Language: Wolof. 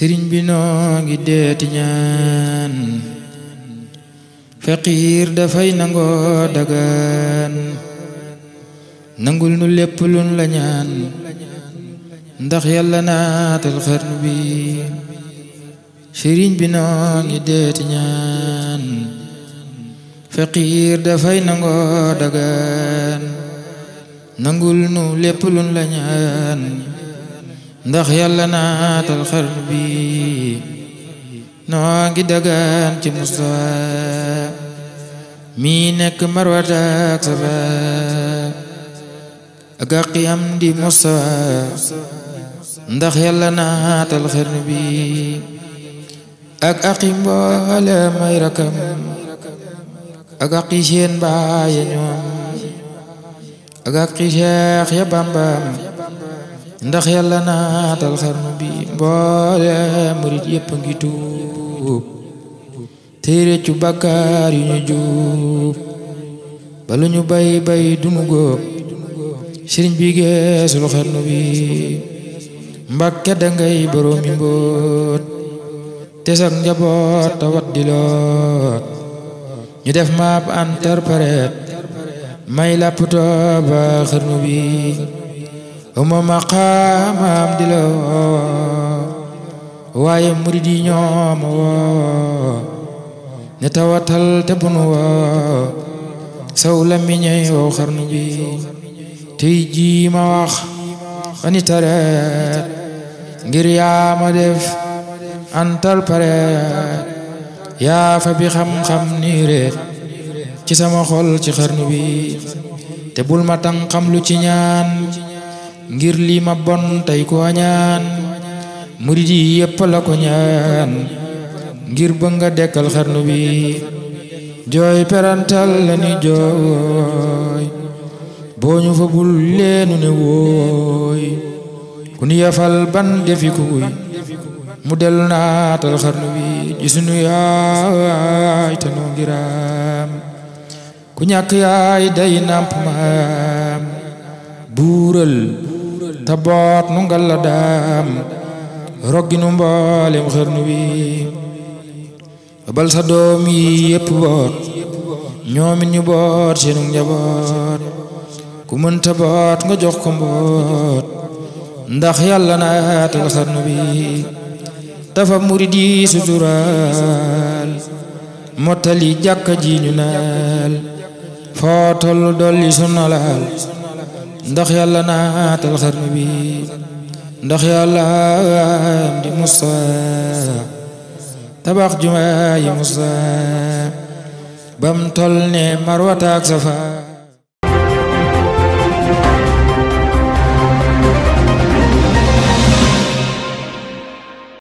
sëriñ bi noo ngi deeti ñaan faqiir dafay nangoo dagaan nangul nu lépp lun la ndax yàlla naatal xarnu bi sëriñ bi noo ngi deeti ñaan dafay nangoo dagaan nangul nu lépp lun la ndax yàlla naatal xar bi noo ngi dagaan ci Musaa mi nekk marwata ak safa ak àqi am di Musaa ndax yàlla naatal xar bi ak àqi mboole may rakam ak àqi seen baay ñoom ak àqi ya Bàmbaam ndax yàlla naatal xarnu bi mboole murit yëpp ngi tuub tey réccu bàkkaar yu ñu juub balu ñu bay bay dunu góob sëriñ bi geesul xarnu bi mbàkke dangay boroomi mbóot te sax njaboot tawat di loot ñu def maap interprète may lapptoo ba xarnu bi uma maqaamam di la woo waaye murid yi ñoom woo ne tawatal te bunu woo saw la miñey xarnu bi tey jii ma wax ani tareet ngir yaa ma def antal pareet yaa fa bi xam-xam ni reet ci sama xol ci xarnu bi te bul ma tan lu ci ñaan ngir lii ma bon tey ko ñaan murid yi yëpp la ko ñaan ngir bëgg nga dekkal xarnu bi jooy perantal la ni jooy boo ñu fa bul leenu ne wooy ku nu yafal ban defi mu dellu naatal xarnu bi ji yaay te noo ku ñàkk yaay day nàmp maam buural taboot nu ngal la daam rogginu mboolem xërnu bi bal sa doom yi yëpp boot ñoomit ñu boot seenu njaboot ku mën taboot nga jox ko mboot ndax yàlla naatal xarnu bi tafa murid yi suturaal mottali jàkka ji ñu naal foo dolli sunna ndax yàlla naatal xarnu bi ndax yàlla am di Musa tabax jumaa yi Musa bam tol ne marwataak safa